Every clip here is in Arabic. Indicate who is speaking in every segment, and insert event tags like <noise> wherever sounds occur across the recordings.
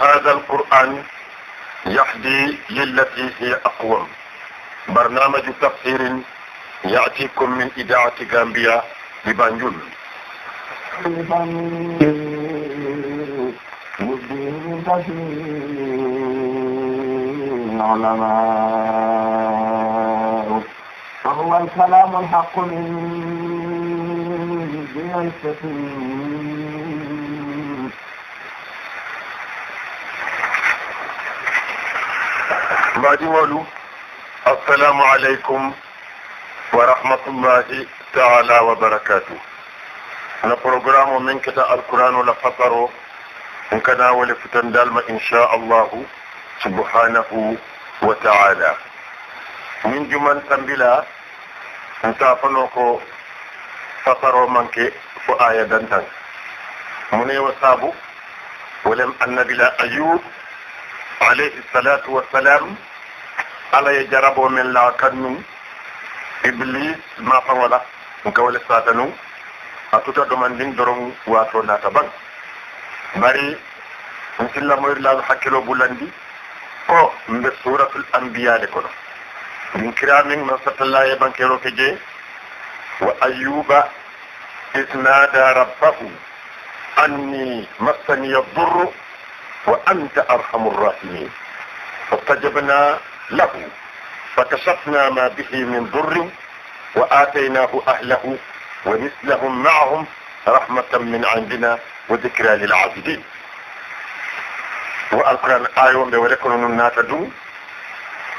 Speaker 1: هذا القرآن يحدي للتي هي أقوم برنامج تفسير يأتيكم من إذاعة غامبيا ببانجول فهو الكلام الحق من جهة غادي والو السلام عليكم ورحمه الله تعالى وبركاته انا بروجرام من كتاب القران لفطروا ان كنا ولفتن دالما ان شاء الله سبحانه وتعالى من جمل تنبلا انت فنوكو فطروا منك فآية دنتا من يوسابو ولم أن بلا أيوب عليه الصلاة والسلام على يجرب من لا كنو إبليس ما فولا مكوال ساتنو أتوتا دومان دين درون واتو ناتبان مري نسي الله مير لا حكي لو بولاندي من سورة الأنبياء لكنا من كرامين ما سات الله يبان كيرو كجي وأيوب إذ نادى ربه أني مسني الضر وأنت أرحم الراحمين فاستجبنا له فكشفنا ما به من ضر وآتيناه أهله ومثلهم معهم رحمة من عندنا وذكرى للعابدين والقرآن آية ولكن الناتج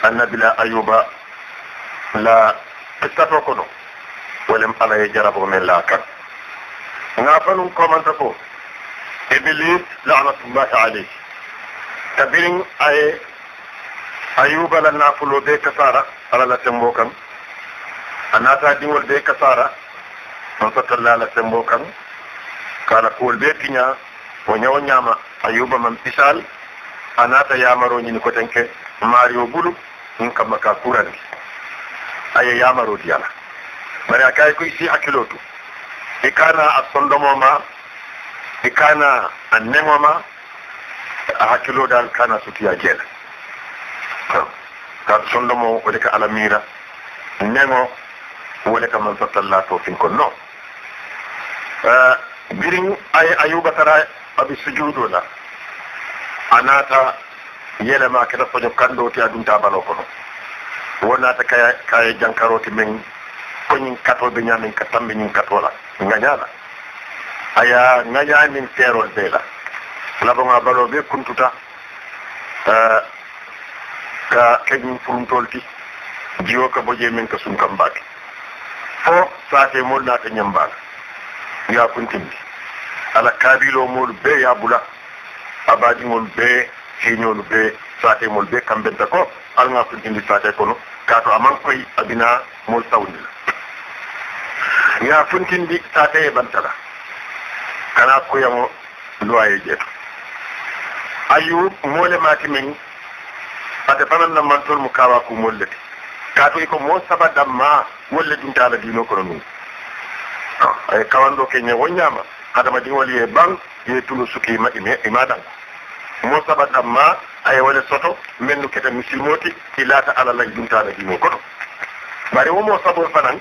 Speaker 1: أن بلا أيوب لا استطرقنا ولم ألا يجربوا من لا كان نافن كومنتكو إبليس لعنة الله عليه تبين أي أيوب لنا فلو دي كسارة على لا تنبوكم أنا تادي والدي كسارة من سطر لا لا تنبوكم قال قول بيكنا ونيو نياما أيوب من بسال أنا تيامرو نينكو تنك ماريو بلو نكا مكا كوران أي يامرو ديالا bari a kayi kuyi si hakkilotu i kana a sondomo ma e kana a nemoma a hakkiloɗal kana sotiya jeeɗa kam sondomo wode ka alamira nego wode ka man sottallah tofin kon non eh, birin ay ayuba tara aɓi sujudo la a nata yelema keɗa soño kanɗo ti a dumta balo kono wonata kaye kaye jankaroti min koñin katoɓe ñamin ka tamɓe ñin katola gañala aya ŋañamin feerol ɓee la labaŋa baloo ɓe kuntuta ka kañum furumtol ti jiwo ka boje min ka sun kam baake fo saate mol naata ñambaala ya kuntindi ala kaabilo molu bee yaabula abaadiŋolu bee heeñolu bee saate mol bee kambenta ko alŋa kuntindi saate kono kaato aman koy abina mol sawndi la ya funtindi saate e bantala kana kuyamo luwaye jeet ayu molemaati men pate banan na mantol mo kawa ku mollete kaato yko mo sabaddam ma wolle dinta ala dino kono nun e kawanɗo keñe wo ñama adama diwol ye ban ye tulu suki ima dan mo sabaddam ma aye wole soto mennu kete musilmoti ilata alalay dinta ala dino koto bari womo sabor fanan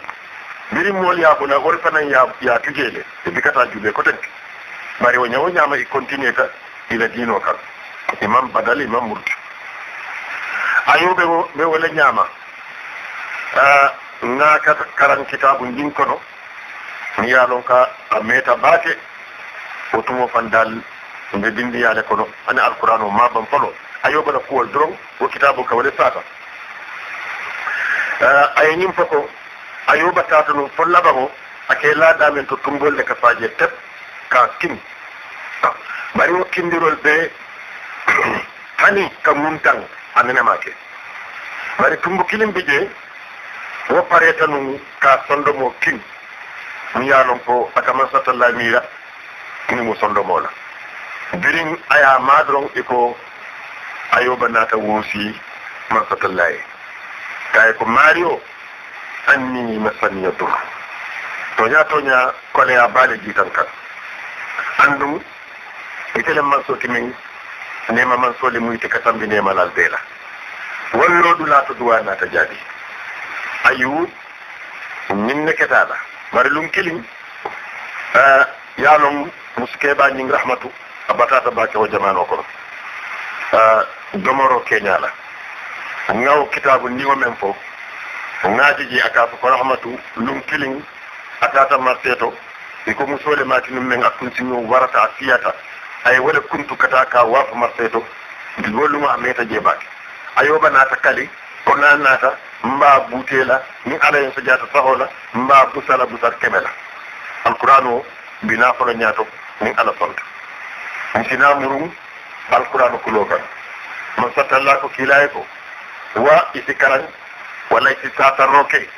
Speaker 1: mbirimmol yaabona or fanan ya tujele e bikata julle ko tenke bari o ñawoñama i continue ta ila diino kan imam badal imam murtu ayoɓe o ɓe wole ñama ah, nga karan kitabu ndin kono mi yaalon ka a meta baake o tumo fan dal mbe bindiyale kono ani alquran o maban falo ayoɓala kuwol doron wo kitabu ka wole sata ah, aye ñim fo ko ayoɓa tata num fo laɓa o ake laadamen to tumbolle ka faaje tep ka kim bari wo kindirol ɓe <clears throat> hani ka mum tan anenamake bari tumbo kilimɓe je wo pareta num ka sondomo kim mi yalon ko akaman satalla mira nimo sondomola birin aya madron eko ayoba nata woosi man satallaye kaye ko maari o anni masaniya dur toña toña koleya baale jiitan kan andum itele mansooti min nema mansoole muyte ka tambi nemalal beela walloɗu laato duwa naata jaabi ayiwu min ne ketaɗa mari lum kilin eh, muske ba ñing rahmatu a ba bake o jamano kono eh, domoro keñala ŋaw kitabu ndiwo men fo ngaji ji a kaafo ko rahmatu lum kilin a tata marteto iko musole matinum men akkunsiño warata a siyata ay wala kuntu kata ka wafa marseto golluma a meta jeɓake ayoba naata kali ko na naata mba buutela min ala hen so jaata sahola mba busala busar keɓela alqouran o mbina folo ñaato min ala sonta mi sinamurum alqouran kulo kan mo sattalla ko kiilaye ko wa isi karan walla isi satarroke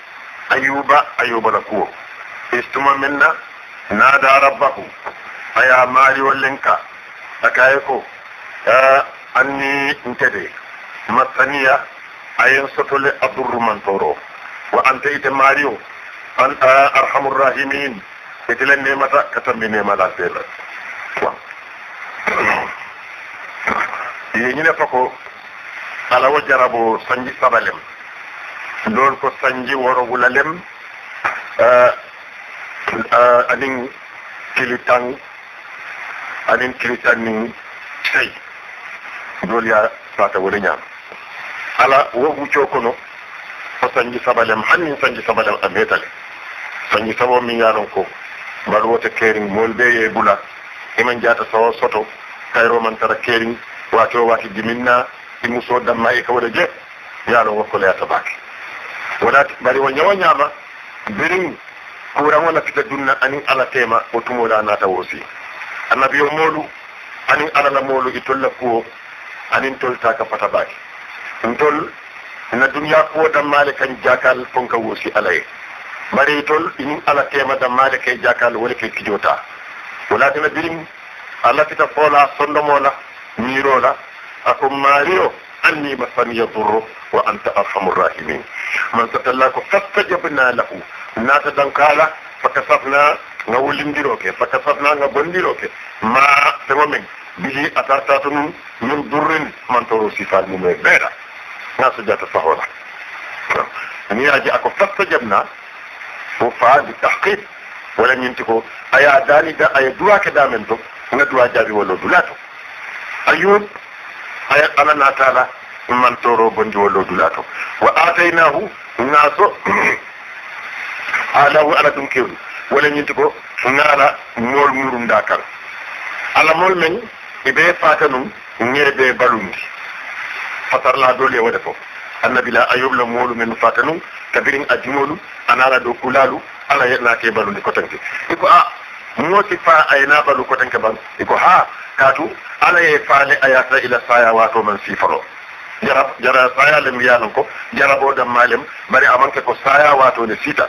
Speaker 1: ayuba ayuba la kuwo istuma menna نادى ربه أيا ماري ولنكا أكايكو أني انتدي مسنية أين ستولي أضر من تورو وأنت إيت ماريو أن أرحم الراحمين إتلن نيمة كتم نيمة لا تيلا yi ñu ne fa ko alawo jarabo sanji sabalem lool anin kilitan anin kilitan nin sai dole ya fata wurin ya ala wo wuco kono o sanji sabalem hannin sanji sabalem a metale sanji sabo min yaron ko mbaɗo wota keerin molɓe ye bula emin jata sawo soto kayro man tara keerin wato wati jiminna i muso damma e kawɗa je yaron wokko leyata bake wonati bari o ñawa ñama birin kuraŋo lafita dunna aniŋ alla tema wo tumoo la a naata wo si annabiyo moolu aniŋ alla la moolu itol la kuwo aniŋ tol ta ka fata baake ntol na duniya kuwo dammaale kaŋ jaakal fon ka wo si alla itol iniŋ alla tema dammaale kay jaakal wo ke kijoo taa wo laatina biriŋ a lafita foo la sondomoo la miiroo la أني مسني يضر وأنت أرحم الراحمين من ستلاك فاستجبنا له ناتا دنكالا فكسفنا نولنديروك فكسفنا نبنديروك ما تمامين به أتاتاتن من ضر من تروسي فالمومي بيرا ناس جات أني أجي أكو فاستجبنا وفا بالتحقيق ولن ينتهوا أيا داني دا أيا دواك دامن دو ندوا جابي ولو دولاتو أيوب haya alalah taala man toro bonjowolloodula to wa ataynahu ngaaso alahu ala ɗum kewɗu wala ñinti ko ngaala mool murum nda kan ala mool men e ɓe faata num ñeeɓe balundi fasar la dole wade fof annabila ayobla moolu men faata num kabirin a jumolu anaala ɗo kulaalu ala yeɗnake balundi kotanke i ko a ah, mooti fa ayna balu kotanke ban i ko haa kaatu ala ye faale ayata ila saya wato man sifaro jarab jara saya lem yalan ko jarabo dam malem bari amanke ko saya wato ne sita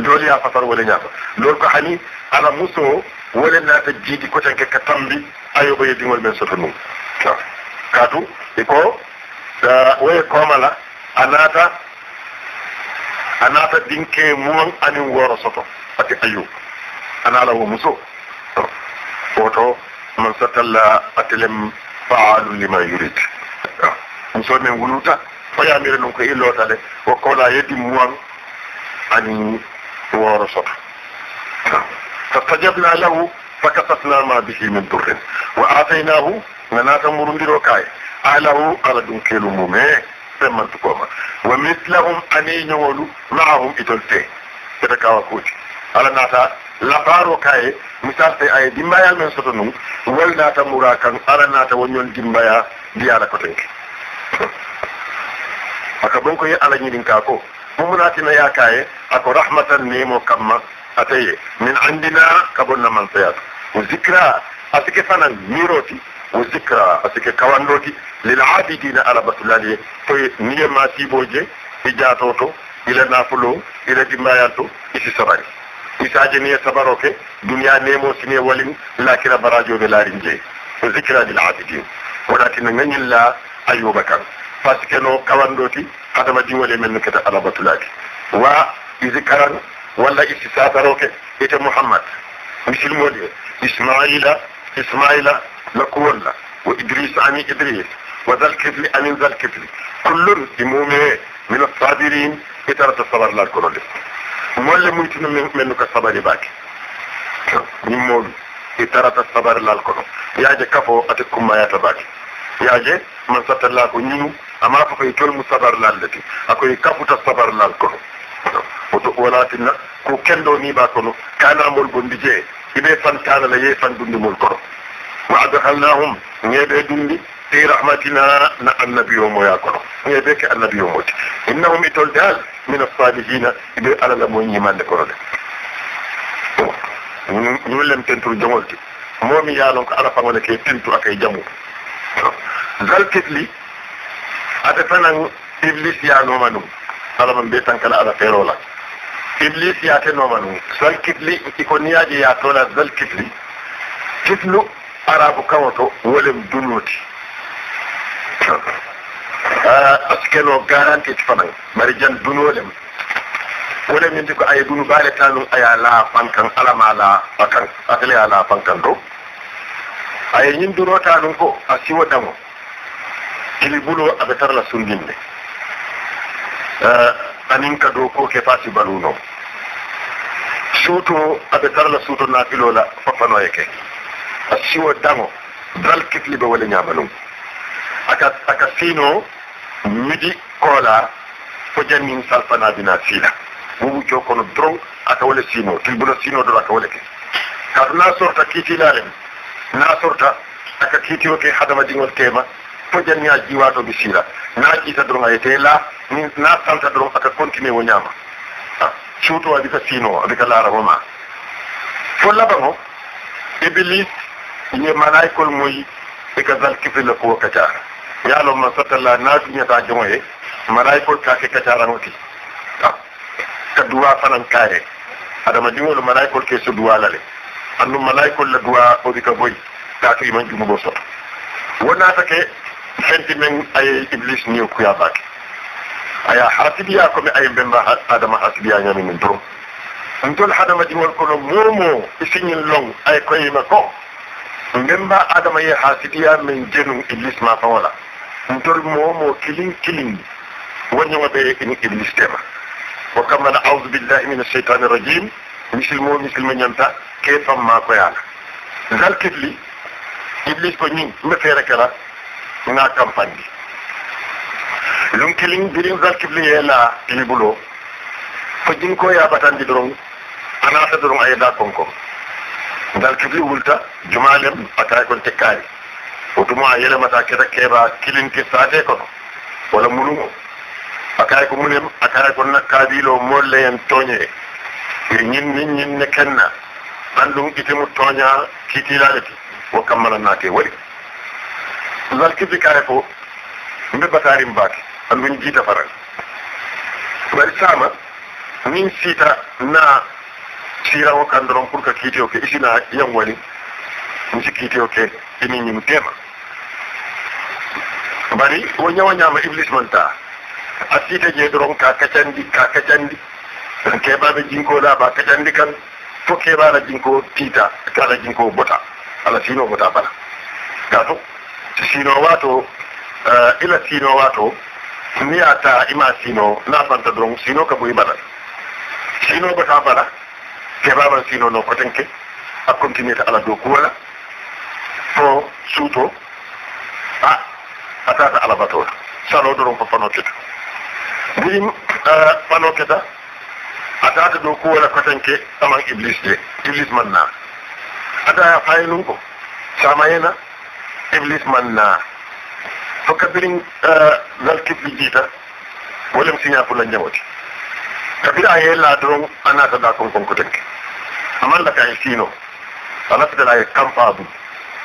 Speaker 1: doli ya fasar wala nyaata lol ko hani ala muso wala na ta jidi ko tanke ka tambi ayo be dingol men soto mum kaatu e ko da waye komala anata anata dinke mum anin woro soto ati ayo anala wo muso photo man satalla atelem fa'alu lima yurid so men wuluta fa ya mere non ko illota de ko ko la yedi muwan ani woro so soto tajabna lahu fa kasatna ma bihi min durrin wa atainahu nanata murundiro kay alahu ala dun kelu mume semmantu koma wa mislahum ani nyawlu ma'ahum itolte kada kawa kuti ala nata la lafaro kay mi te ay dimbaya men soto welda ta murakan arana ta wonyon dimbaya ko kote aka bon ko ye ala din ka ko mo munati na yakaye ako rahmatan ni mo kamma ataye min andina kabonna man sayat wa zikra atike fanan miroti wa zikra atike kawandoti lil abidina ala batulali to niyema tiboje ijato to ila nafulo ila dimbayato isi sarani سيساجني سبروك دنيا نيمو سني ولين لكن براجو بلارنجي ذكرى للعابدين ولكن من الله أيوب كان فاسكنو كواندوتي قدم جولي من كتا ألبة لك وذكرا ولا استسابروك إتى محمد مثل مولي إسماعيل إسماعيل لكولا وإدريس عن إدريس وذا الكفل عن ذا الكفل كل المؤمنين من الصابرين إترى الصبر لا الكرولي molle mun tinu men ko sabari baki ni modu e tarata sabar lal kono yaaje kafo ate kumma yata baki yaaje man satalla ko ñinu ama fa fay tol mu sabar lal lati akoy kafuta sabar lal kono oto walatinna ko kendo ni ba kono kana mol bondi je ibe fan kana la ye fan dundi mol kono wa adhalnahum ngebe dundi في رحمتنا نا النبي يوم ياكل هي بك النبي يوم موت انهم يتولدان من الصالحين دي على لمون يمان دكور دي نقول لهم تنتو جمولتي مومي يالون كو عرفا ولا كي تنتو اكاي جمو قال كتلي اتفانا ابليس يا نومانو على من بيتان على فيرولا ابليس يا تنومانو قال كتلي تكوني يا جي يا تولا قال كتلي كتلو عربو كوتو ولم دنوتي askeno garanti fana marijan dunolem wala min ko ay dunu bare tanu aya la fankan alama la fankan atale ala fankan do ay nyin duro tanu ko asiwa damo ili bulo abetar la sundinde uh, anin ka do ko ke fasi baluno suuto abetar la suuto na filola fafano yake asiwa damo dal kitli be wala nyabalum aka aka sino midi kola fo jamin salfana bina sila bubu jo kono dron aka wala sino tilbula sino do aka wala ke kaduna sorta kiti lalen na sorta aka kiti oke hadama dingol tema fo janni a jiwato bi sila na kita dron ayete la ni na salta dron aka continue wo nyama cuuto adi ka sino adi ka larabo ma fo labango iblis ye malaikol moy e ka zal kifila ko kacaa ya lo ma satalla na dunya ta jomo ye malaiko ta ke katara ngoti ka duwa fanan kare adama dimo lo malaiko ke su duwa lale annu malaiko la duwa o dika boy ta to iman jumu bo so wona ta ke fenti men ay iblis ni ku ya bak aya hasibiya ko mi ay bemba adama hasibiya nyami min tro ntol hadama dimol kono momo isinyin long ay koyima ko bemba adama ye hasibiya min jenu iblis ma fa wala ntor mo mo kilin kilin wonyo be in iblis tema wa kama na a'udhu billahi minash shaitani rajim misil mo misil ma nyanta ke fam ma ko yala dal kitli iblis ko nyi me fere kala na campagne lum kilin birin dal kitli yela libulo fa jin ko ya batandi doron ana ta doron ayda konko dal kitli wulta jumalem atay kon tekkaari o tuma a yelemata keta keɓa kilinti sate kono wala munumo a kaye ko munem a kaye ko kaabilo molleyen toñe e ñinni ñinne kenna an ɗum itemu toña kiitilale ti wo kammala naake waɗi lal kibli kaye ko mbe batarim baake an ɗum jiita faran bari sama min siita na sirawo kan doron pour que kiitio ke isina yan wani msikiti yote ininyi mtema bari wo ñawa ñama iblis man ta a siite je doron ka kacandi ka kacandi keɓaɓe jinko ba kacandi kan fo keɓala jinko tiita kala jinko bota ala sino bota bala kato sino wato uh, ila sino wato niya ta ima sino na fanta doron sino ka boyi bala sino bota bala keɓaɓan sino no kotenke a continuer ta ala dow kuwala fo suuto a a tata alabatoo saloo doron fo fanoo keta mbirim fanoo keta a tata dow kuwola kotenke aman iblis de iblis man naa ada faynum ko samayena iblis man naa fo kabirin nal kibbi jiita wolem siñaa fula njamoti kabira ye la doron a naata da kon konko tenke aman laka e siino a laftata ye kampa dum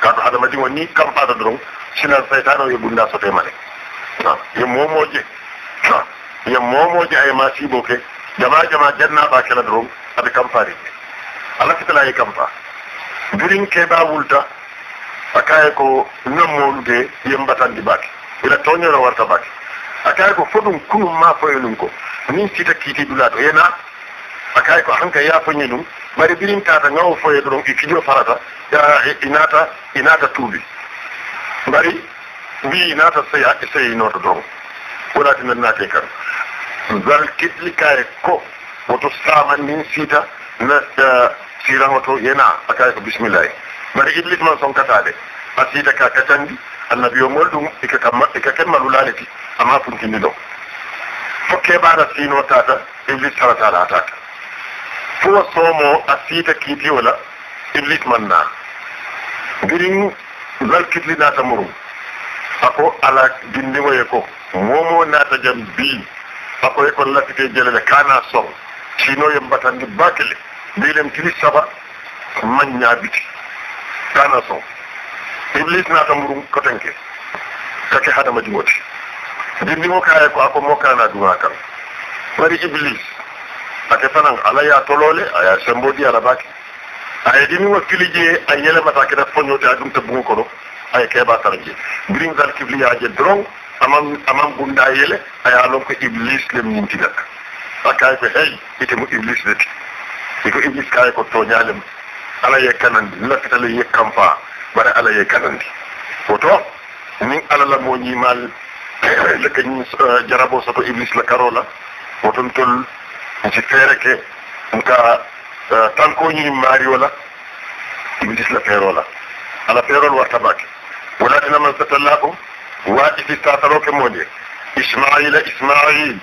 Speaker 1: kaɗo wani ni fata doroŋ sinal na yo bunda sote mane yo momoje yo momoje aye ma siibo ke jama jama jannaɓa kela doroŋ aɓe kamparinde ala fitala ye kampa e ke ba wulta a kaye ko nammolude yen di baake ila toñoro warta baki a kaye ko foɗum kunum ma foye ɗum ko min sita kiiti ɗulato yena a kaye ko hanka yafoñe ɗum mari birin kata ngaw foye doron i kijo farata ya inata inata tubi mari wi inata sey saya sayi noto wala wonati na te kan zal kitli kay ko woto min sita na siraŋo to yena akay ko bismillah mari iblis ma son kata de asita ka katandi annabi o mol ɗum ika kemmalulaaleti amma funtindi ɗo fo keɓaɗa siino tata iblis taratala atata fuwa soomoo a siita kiitiyo la iblis man naa biriŋ zalkitli naata murum a ko ala dindiŋo ye ko moomoo naata jam bii a ko ye ko lattike jele le kaa naa soŋ siinoo ye mbatandi baakele bii lem tili saba maŋ ñaa biti kaa naa soŋ iblis naata murum koteŋ ke ka ke hadama jiŋo ti dindiŋo kaa ye ko a ko moo kaa naa duŋaa kaŋ bari iblis akefana ala ya tolole aya sembodi ala baki aye dimi wakkili je a yelemata keta foñote a ɗum to bugu kono aye tarje tara zal kibli ya je dron amam amam bunda yele aya lon ko iblis le minti dak akay ko hey mu iblis leti ko iblis kay ko nyalem ala ye kanandi le ye kampa bara ala ye kanandi foto nin ala la moñimal le ñi jarabo to iblis la karola woton nsi feere ke nka tanko ñini maario la minisla feero la ala feerol warta baake walatina man satallahum waajibi sataroke moƴe ismaila ismail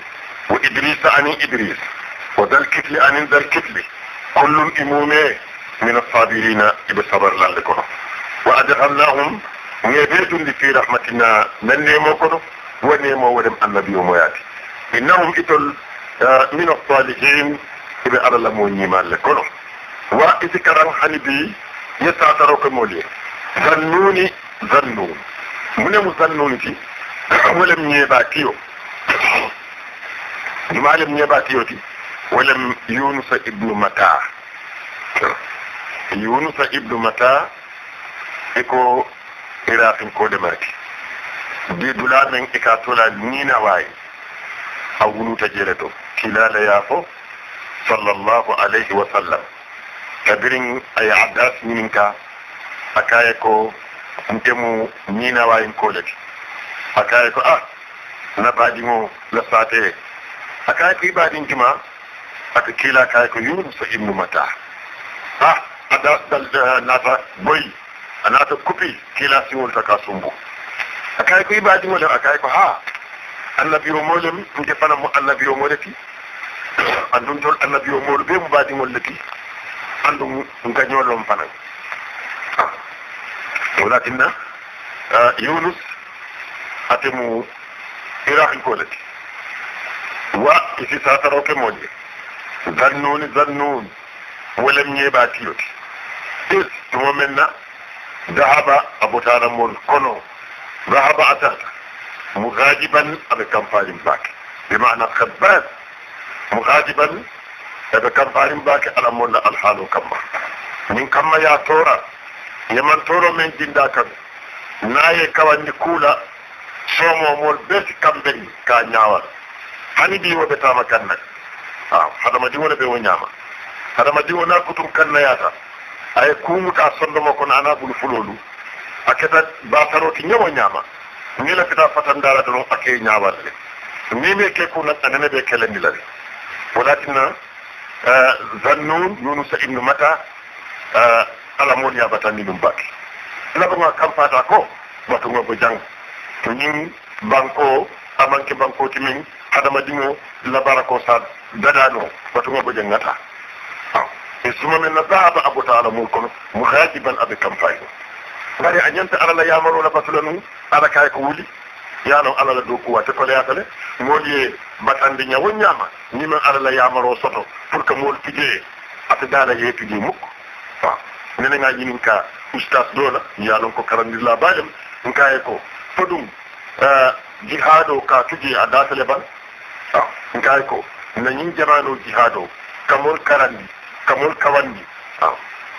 Speaker 1: wo idrisa anin idris wo dal kitli anin dal kitli kullum imume min asabirina iɓe sabar lalle kono wa adhalnahum ñeɓeetundi fi rahmatina nan nemo kono wo nemo woɗem annabi o moyaati innahum itol من الصالحين إذا أرلموا النمال لكلهم وإذا كرم حنبي يتعترك مولي ظنوني ظنون من مظنون في <coughs> ولم يباكيو <coughs> ما لم يباكيو تي ولم يونس ابن متاع <coughs> يونس ابن متاع إكو إراقين كودماتي دي من إكاتولا نينا وايه hawuluta jele to kilala ya fo sallallahu alaihi wa sallam kadirin ay abbas minin ka akaye ko ntemu nina wayin kolek akaye ko ah na badimo la sate akaye ko ibadin juma aka kila akaye ko yunus ibn mata ah ada dal nata boy anata kupi kila siwol ta kasumbu akaye ko ibadin wala akaye ko ha النبي مولى انت فانا مو النبي مولتي اندون جول النبي مولى بي مبادي مولتي اندون انت جول لوم فانا ولكن آه، يونس اتمو اراح يقولك وا في ساتر اوكي مولي ظنون ظنون ولم يباتي ثم من ذهب ابو تارمون كونو ذهب اتاتك مغاضبا ابكم فارم باك بمعنى خبات مغاضبا ابكم فارم باك الامر الحال وكما من كما يا تورا يمن تورا من دين داك ناي كواني كولا سومو مول بيت كامبري كانياوا هاني بي وبتا مكانك اه هذا ما ديونا بيو نياما هذا ما ديونا كتم كان ياتا اي كومو تا سندمو كون انا بول فلولو اكيتا باثرو نيو نياما ni la fita fatan dara doro ake nyaawal le ni me ke ko na tanene be kele ni la le walakinna zannun yunus ibn mata ala mon ya batani dum bak la ko kam fata ko wato ngo jang to ni banko amanke banko timin adama dingo labara ko sa dadano wato ngo jangata suma men na baaba abu taala mul kono muhajiban abe kam fayi bari anyanta ala la yamaro la batulanu ala kay ko wuli yaalon ala la dow kuwate kolayatale moolu ye batandi ñawo ñaama nimen ala la yamaro soto pour que moolu pijee ata daala ye pijee mukk waaw nene nga ñinin eh, ka oustas doola yaalon ko karandirla baƴam nkaye ko foɗum jihaado ka tujee a daatale ban waaw nkaye ko nañin jamano jihaado kamol karandi kamol kawandi waaw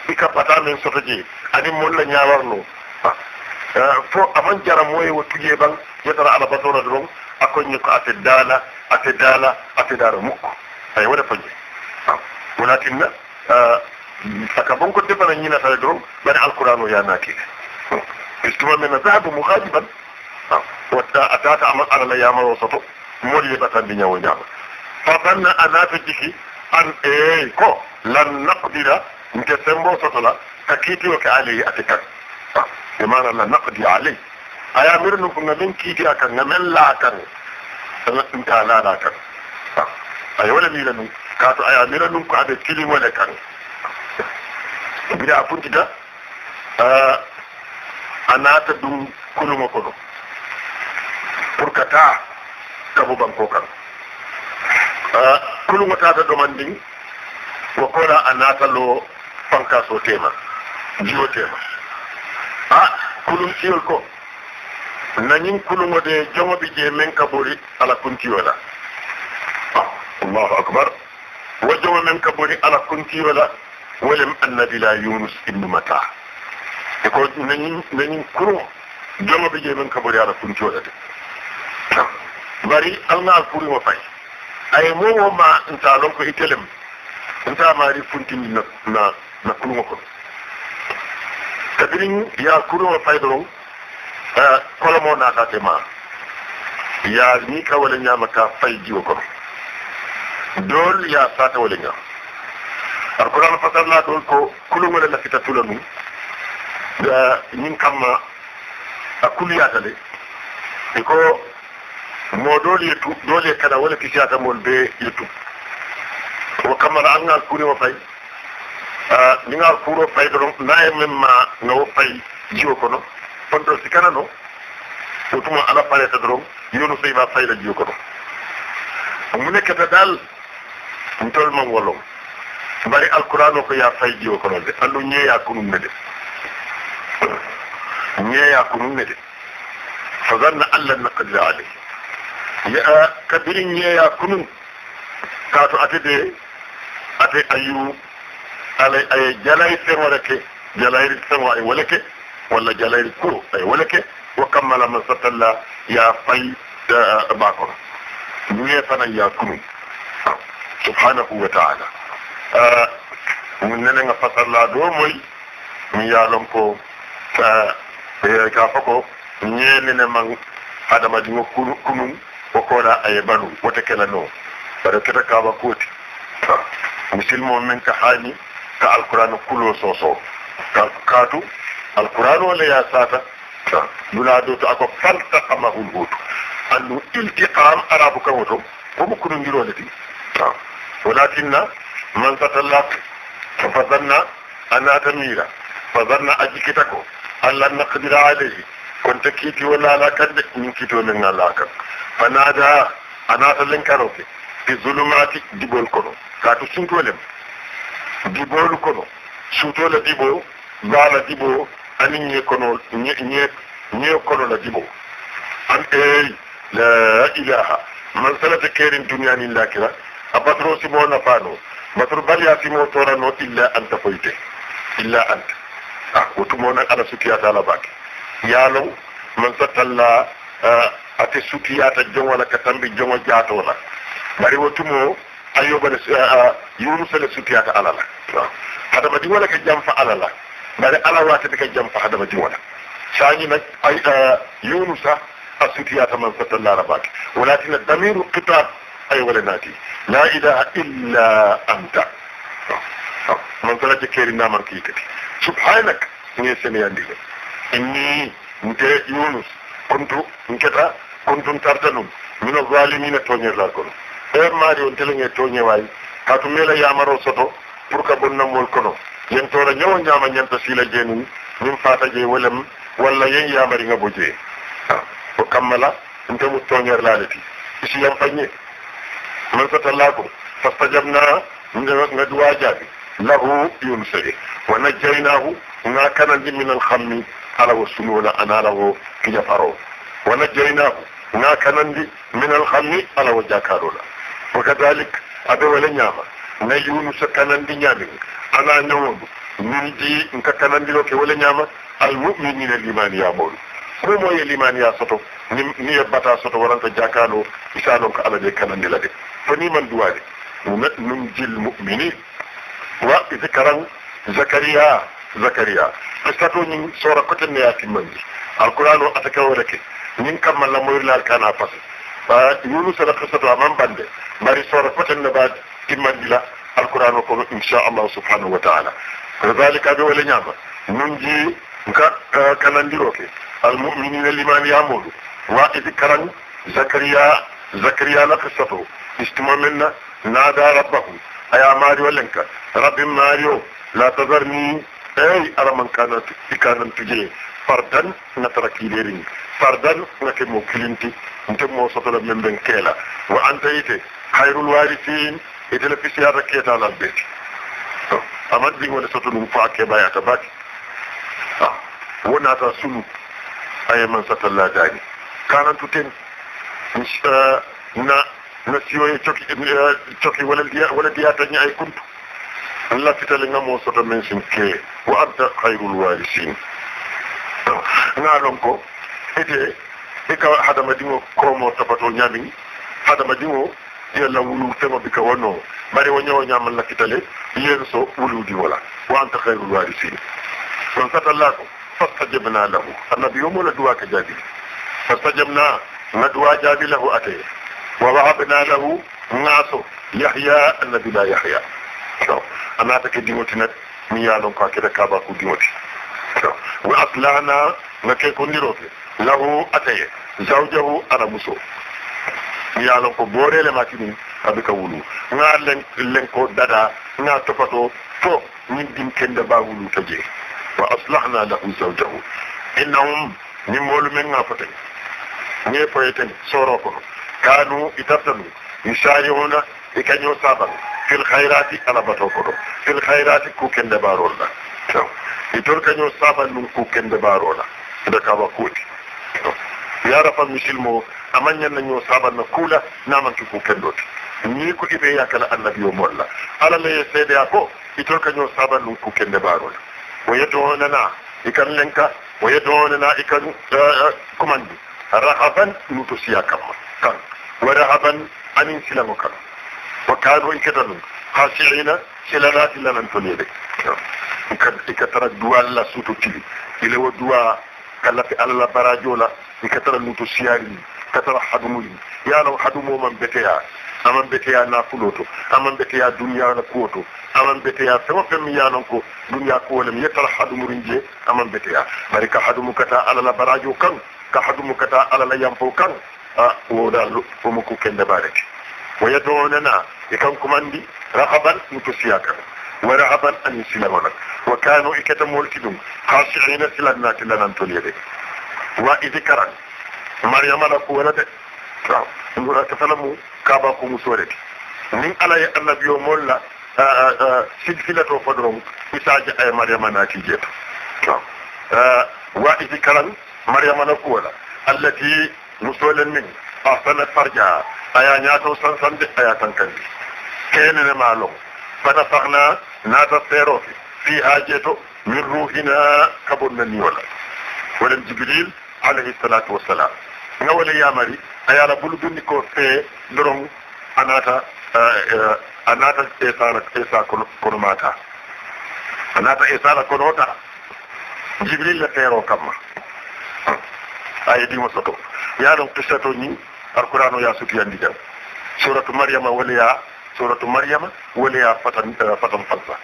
Speaker 1: ika pata men soto ani anin molla ñawarno fo aman jaram woye wo tuje ban yetara ala batoro doron akonñi ko afe daala afe daala afe daara mukko ay wona foje wonatinna saka bonko defana ñinatale doron ɓaɗa alquran o yanakile tuma men zahabu muhajiban watta a tata aman alala yamaro soto moɗi yeɓatandi ñawo ñama fa banna a naafe jiki an eey ko lan naqdira nke sembo sotola ka kiitiwo ke aalayi ate kan bimana la naqdi alai aya mirnu ko ki kiti akan ngamen la kan sanatin ta la la kan ay wala mi lanu ka to aya mirnu ko abe kili wala kan bida apunti eh, da anata dum kulu kono pour kata kabu bangko kan eh, kuluma ta do mandin ko anata lo fanka so tema jiwo tema a kuluntiyol ko nañin kulungode jomoɓe je men kabori ala kuntiyola allahu akbar wo jomo men kabori ala kuntiyola wolem annabila yunus ibnu mata e ko nañin nañin kuru jomoɓe je men kabori ala kuntiyola de bari alngal kurimo fay aye mowo ma nta lon ko itelem nta mari funtindi na na na kulungo kono kabiriŋ ya kuruŋo fay doroŋ kolomo naata te ma ya ni ka wala ñama ka fay jiwo kono dool ya sata wala ñam alquran fasarla ɗon ko kuluŋole lafita tula num ñin kamma a kuliyata le e ko mo dool ye tu dool ye kada wala kisiyata mool be ye tu wo kammara alŋal kuriŋo fay mi ngar kuro fay do nae memma no fay jiwo kono fondo sikana no to tuma ala pare ta drum yonu sey ba fay la jiwo kono mu nekk ta dal ntol mam wolo bari alquran ko ya fay jiwo kono de allu ñe ya kunum ne de ñe ya kunum ne de fa zanna alla na qadra alayhi ya kabirin ñe ya kunum kaatu atede ate ayu ay jalayi feŋo le ke jalayiri feŋo ay wo le ke walla jalayiri kuro ay wo le ke wo kamma la masatalla ya fayi baa kono ñee fanaŋ ya kunu subhanahu wa taala mu nene nga fasalla doo moy mi ye lon ko ka fo ko ñee nene maŋ hadamadiŋo kunun wo koona a ye banu wote kela noo bare keta kaaba kooti misilimo meŋ ka haani ta alkurano kulo soso ta katu alkurano le ya sata duna do to ako falta kama hul hutu annu iltiqam arabu kawoto ko mu kunu ngiro lati walakinna man tatallaq fadanna anna tamira fadanna ajikitako alla naqdir alayhi kunta kiti wala la kadda min kito min Allah kan fanada anata linkaro ke bi zulumati dibol kono katu sun tolem dibolu kono suto la dibo ba la dibo ani ñe kono ñe ñe kono la dibo an e la ilaha man salata kerin duniyani lakira a batro simo nafano batro bariya simo torano illa anta foyte illa anta a wotumo nan ana sukiyata la bake yaalow man sattalla ate sukiyata jongo la ka tambi jongo jaatola bari wotumo ayyuba da yunus da sufiya ta alala hada madi wala ka jamfa alala bare alawa ta ka jamfa hada madi wala sani na yunusa a sufiya ta man fatan larabaki walakin damiru kitab ay wala nati la ilaha illa anta man tara ke keri na man kikati subhanak ne sene yandile inni mute yunus kuntu nketa kuntum tartanum min zalimina tonyerla kono e maari on teleŋe tooñe waawi kaatu mila yamaro soto pour que bonnamol kono yen toora ñawo ñaama ñanta siila jeenum min faata jee walem walla yen yamari nga bo jee o kammala nte mu tooñer laale ti isi yam fañe man satallaa ko fastajabna nga duwaa jaabi lahu yunusege wa najjaynahu nga kanandi min alhammi ala wo sunola ana ala wo kiñafaroo wa najjaynahu nga kanandi min alhammi ala wo jaakaarola وكذلك أبي ولنياما نيونس كان دنيامي أنا نوم من دي نكا كان دلوك ولنياما المؤمنين الإيمان يا مول كومو الإيمان يا سطو ني باتا سطو ورانتا جاكالو إسالوك على دي كان دلوك فني من دوالي ننجي المؤمنين وذكرا زكريا زكريا قصته من سورة كتن ياتي مني القرآن أتكورك من كمل لمولي الكانا فصل لولو سلا قصة الأمام بند ماري سورة فتن بعد إيمان بلا القرآن وقوم إن شاء الله سبحانه وتعالى فذلك أبي ولي نعمة منجي مكا كنان ديروكي المؤمنين الإيمان يعمل واحد كران زكريا زكريا لقصته استمع منا نادى ربه أي ماري ولنك رب ماريو لا تذرني أي أرمان كانت إكانا تجي فردا نتركي ليرين فردا نكي موكلينتي nte moo sotola meŋ beŋ keela wa anta ite hayrul warisin ite le fisiyata keeta lal beti amat diŋo le soto num fo a kebayata baki wo naata sunu aye man satalla daani kanantu ten na na siyo siwoye coki coki wala diya wala diya tañi ay kuntu lafitale nga moo soto men sin kee wa anta hayrul warisin naa lon ko ite ika hadamadiŋo koromo tapato ñaamiŋ hadamadiŋo diya la wulu tema bika wono bari wo ñowo ñamal la kitale yeru so wuluudi wala wa anta hayrul warisine ɗon satalla ko fastajabna lahu annabi yo mola duwa ka jaabi fastajabna na duwa jaabi lahu ate wa wahabna lahu ŋaaso yahya annabi la yahya to anata ke diŋoti nat mi yalon ko a kete kaba ku diŋoti to wa aslahna na ke kondiroke lahu ataye zawjahu ala muso ya lon ko borele makini abi abika wulu nga len len ko dada nga topato to ni dim kende ba wulu to wa aslahna lahu zawjahu innahum ni molu men nga foten ne poyeten soro ko kanu itatalu yusayuna ikanyo saban fil khairati ala bato ko fil khairati ku kende barol da to itor kanyo saban ku kende barola da kaba kuti kiro yara fa misilmo amanya na nyo saba na kula na man tuku kendo ni ko ibe ya kala annabi yo molla ala le sede ko itol ka nyo saba lu ku kende barol wa na ikan lenka wa na ikan komandi rahaban nutu siya kam kan wa rahaban anin silango kan wa kadu ikatan khasirina silanati lanan tonide ikatara duwa la sutu tibi ile wa duwa kala fi alla barajo la ni katara mutu siyari katara hadumu ya law hadumu man beteya aman beteya nafulo to aman beteya duniya la ko to aman beteya sama fem ya non ko duniya ko lem yetara hadumu rinje aman beteya bari hadumu kata alla barajo kan ka hadumu kata alla yampo kan a woda fo mo ku kende bareke ويدعوننا يكون كمان دي رغبا نتسياكا ورغبا أن يسلمونك وكانوا إكتم والكدم خاشعين سلانات لنا نتولي وإذ وإذكرا مريم لكو ولد نقول أتسلموا كاباكو مسورك من على النبي مولا آه، آه، آه، سلسلة وفدرهم إساجة أي مريم ناكي جيب وإذكرا مريم لك ولد التي نسول من أحسنت فرجها أيا نياتو سنسند أيا تنكندي كيننا معلوم فنفقنا ناتا سيروفي فيها جيتو من روحنا كبون من يولا ولم جبريل عليه الصلاة والسلام نوال يا مري أيالا بلدني كو في درون أناتا آه، آه، أناتا إيسارة إيسا كنماتا أناتا إيسارة كنوتا جبريل لفيرو كما أيدي آه، وسطو يا رب قصتو ني القرآن يا سكيان سورة مريم وليا سورة مريم وليا فتن فتن فلسة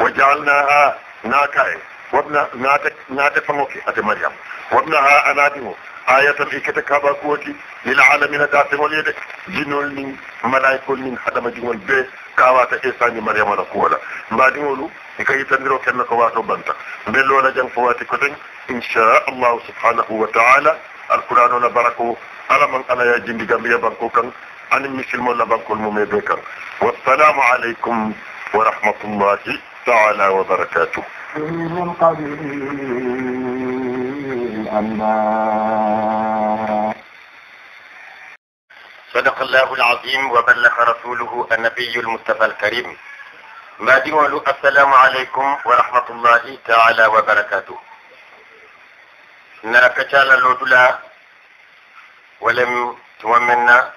Speaker 1: وجعلناها ناكاي وابن ناتك ناتك فموكي أتي مريم وابنها أنادمو آية إيكتا كابا كوتي للعالمين داسم وليد جنول من ملايكول من حدم جنول بي كاواتا إيساني مريم رقولا مادمولو كي تندرو كأن كواتو بنتا بلولا لجن فواتي كتن إن شاء الله سبحانه وتعالى القرآن نبركو على من أنا يا جندي جنبي بانكو كان أنا مسلم ولا بانكو الممي بكر والسلام عليكم ورحمة الله تعالى وبركاته من قبل صدق الله العظيم وبلغ رسوله النبي المصطفى الكريم ما دول السلام عليكم ورحمة الله تعالى وبركاته نرى تعالى لودلا ولم تومنا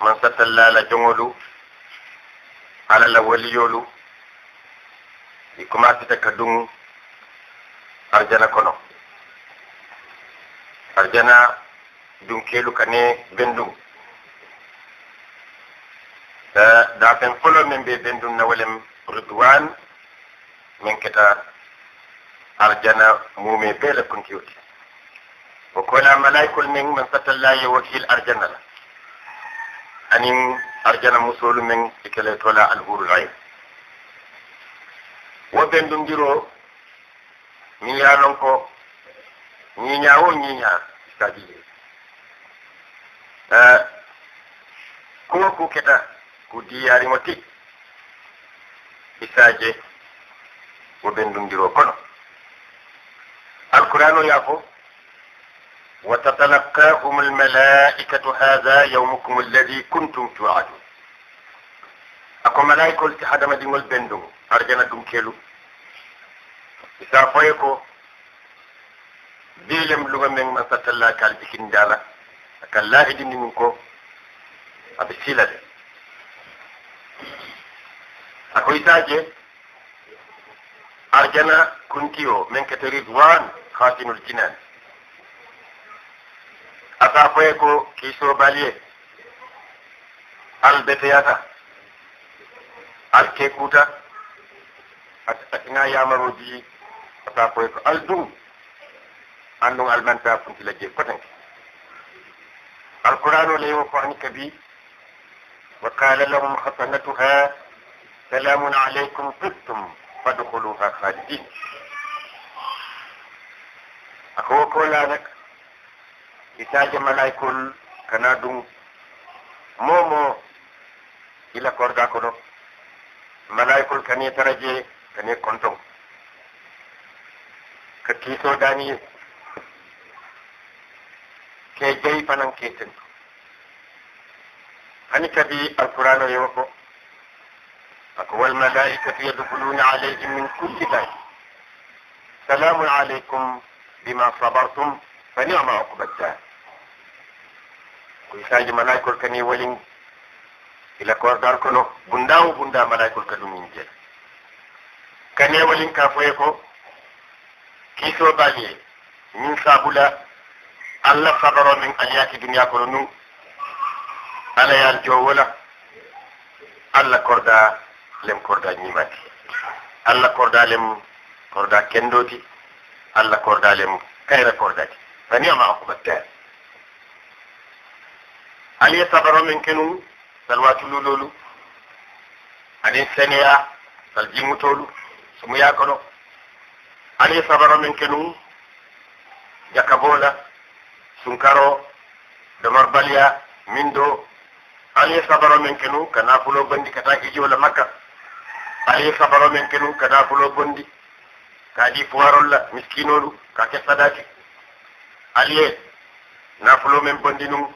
Speaker 1: من ستلا لجمولو على الوليولو i commencé ka dun arjana kono arjana dun kelu kane bendun dafen folo min be bendun nawalem ridwan min keta arjana mume bele kunkiyoti o kola malaikol min min fatallaye wakil arjana la anin arjana musolu min ikele tola alhurul ayn wo bendundiro min ya lon ko ñiña wo ñiña kadi kuwo ku keta ku diyarimo ti isaje wo bendundiro kono alqur'anu ya fo وتتلقاهم الملائكة هذا يومكم الذي كنتم توعدون أكو ملائكة التحدم دي مول بندون arjana ɗum kelu sa fayi ko dilem luga meng ma satalla kal bikin dala akal la lahidi min ko abi sila de akoytaje arjana kunti o min kete ridwan khatinul jinan ata fayi ko kiso balie al beteyata al kekuta takiŋa yamaro di ta ko al dum andum almanta funti lajje koten alquranu lay wo ko ani kabi wa qala lahum khatanatuha salamun alaykum tibtum fadkhuluha khalidin ako ko la nak itaje malaikul kana dum momo ila korga kono malaikul kani taraje kane konton ka kiito dani ke jayi fanan keten hani kadi alqur'ano yo ko ako wal malaikatu yadkhuluna alayhim min kulli bab سلام عليكم بما صبرتم فنعم عقبى الدار kuisaaji malaikol kani walin ila kordar kono bundawo bunda malaikol kadum min jeeɗa kane walin kafoye ko kiso baje min sabula allah fagaro min aliyaki duniya kono nu ala yal jowola allah korda lem korda ñimati allah korda lem korda kendoti allah korda lem kayra kordati fa niyama akubatta aliya sabaro min kenum salwatululolu anin seneya sal jimutolu mu ya kono ani sabara men kenu yakabola sunkaro damar baliya mindo ani sabara men kenu kana fulo bandi kata ijola makka ani sabara men kenu kana fulo bondi kadi puwarolla miskinolu ka ke sadaki aliye nafulo men bondi num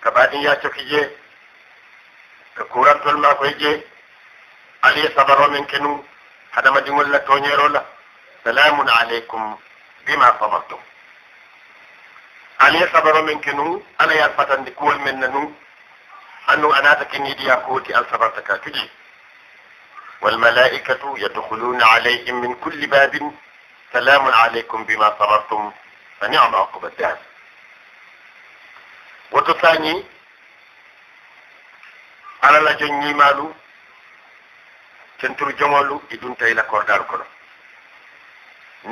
Speaker 1: ka baɗin ya coki je ka kurantol mako je aliye sabaro men kenu حدما جمول لك ونيرولا سلام عليكم بما صبرتم علي صبر منك نو أنا يرفت أن تقول من نو أنو أنا تكني دي أخوتي الصبر تكاتجي والملائكة يدخلون عليهم من كل باب سلام عليكم بما صبرتم فنعم عقب الدار وتثاني على لجني مالو sentur jomolu idun tay la ko dal ko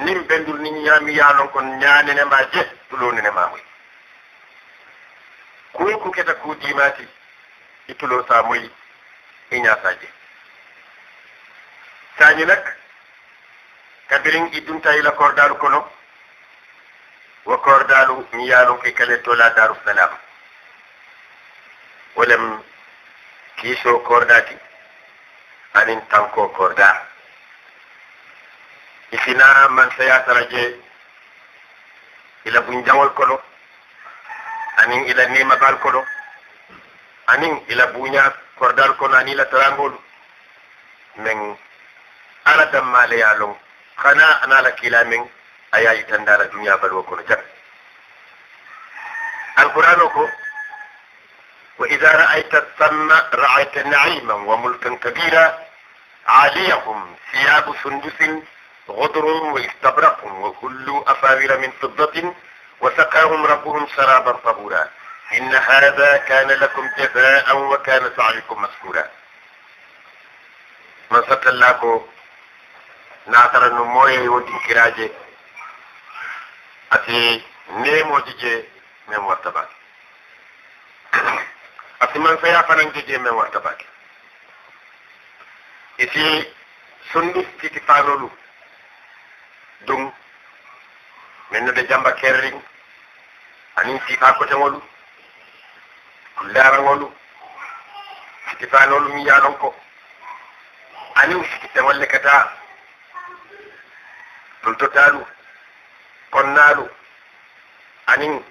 Speaker 1: nim bendul ni ñami yalon kon ñaani ne ma je tulo ne ma muy ku ku keta ku dimati itulo sa muy inya sa je tani nak kabirin idun tay la ko dal ko wa ko dalu mi yalon ke kale to la daru salam ولم كيسو كورداتي anin tanko korda isina man saya taraje ila bunjawol kodo anin ila nemagal kodo anin ila buña kordal kono ani ila tarangolu min ala dammale ya lon kana anala kila min ayayi tandara duniya balwo kono jan alqur'ano ko وإذا رأيت الثم رأيت نعيما وملكا كبيرا عاليهم ثياب سندس غدر واستبرق وكل أفاور من فضة وسقاهم ربهم شرابا طهورا إن هذا كان لكم جزاء وكان سعيكم مشكورا ما sattallako natara no moye يودي كراجة أتي نيمو جيجي watta bake man fanan fananke me warta bake iti sunni titi fanolu dum mennude jamba kerrin anin sifa koteŋolu kullaraŋolu siti fanolu mi yalon ko anin siti teŋolle kata lultotalu konnalu ani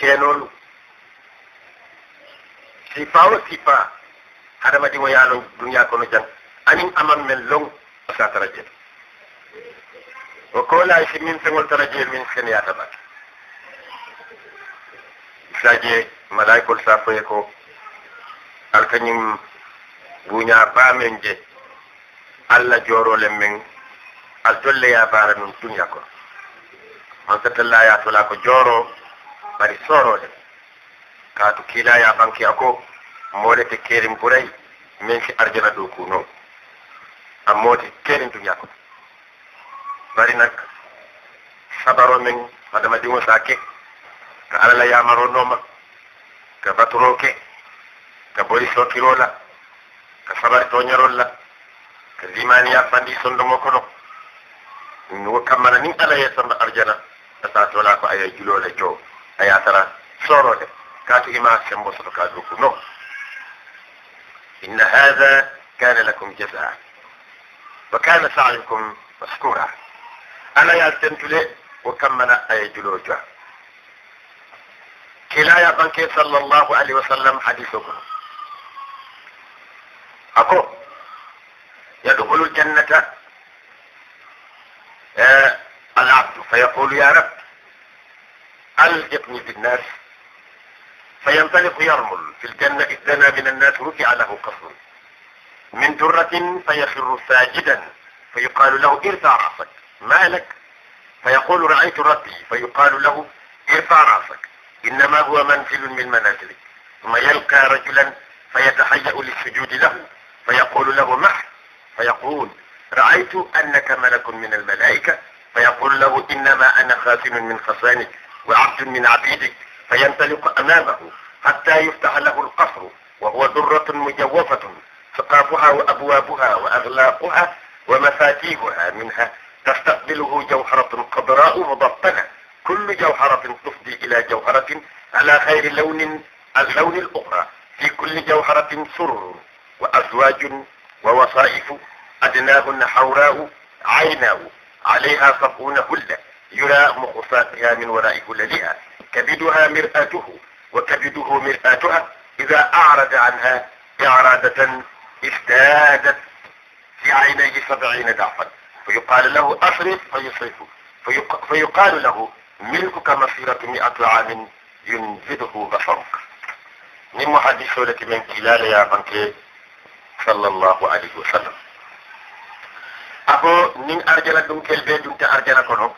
Speaker 1: ceenolu sifa o sifa hadamadiŋo ye a loŋ duniyaa kono jaŋ aniŋ amaŋ meŋ loŋ sa tara jee wo koolaa si miŋ feŋol tara jee miŋ seneyaata bake isa je malayikol sa fo ko al ka ñiŋ buuñaa baa meŋ je alla jooroo le meŋ al tolle ya baara nuŋ duniya kono mansatallaa ye a tolaa ko jooroo bari sooroo le kaatu kiilaa ye a bankiya molete kerim ɓuray min si arjana dow kuno ammoti kerin duña ko bari nak sabaro min hadama diŋo sa ke ka ala la yamaro nooma ka batoro ke ka bori sokiro la ka sabari toñarol la ka limaniya fandi sondomo kono wo kammana nin ala ye sondo arjana asa tola ko aya julole joo aya tara sorode kaatu ima sembo soto ka dow kuno إن هذا كان لكم جزاء وكان سعيكم مشكورا أنا يا سنتلي وكمنا أي كلا يا بنكي صلى الله عليه وسلم حديثكم أكو يدخل الجنة آه، العبد فيقول يا رب ألحقني بالناس فينطلق يرمل في الجنة إذ من الناس رفع له قصر من درة فيخر ساجدا فيقال له ارفع رأسك ما لك فيقول رأيت ربي فيقال له ارفع رأسك إنما هو منزل من منازلك ثم يلقى رجلا فيتهيأ للسجود له فيقول له مح فيقول رأيت أنك ملك من الملائكة فيقول له إنما أنا خاتم من خصانك وعبد من عبيدك فينطلق أمامه حتى يفتح له القصر وهو درة مجوفة ثقافها وأبوابها وأغلاقها ومفاتيحها منها تستقبله جوهرة خضراء مبطنة كل جوهرة تفضي إلى جوهرة على خير لون اللون الأخرى في كل جوهرة سر وأزواج ووصائف أدناهن حوراء عيناه عليها صفون هلة يرى مخصاتها من وراء هللها كبدها مرآته وكبده مرآتها إذا أعرض عنها إعرادة ازدادت في عينيه سبعين ضعفا فيقال له أصرف فيصرف فيقال له ملكك مصيرة مئة عام ينزده بصرك من محدث لك من كلال يا بنك صلى الله عليه وسلم أبو من أرجلك دمك البيت دمك تأرجلك نو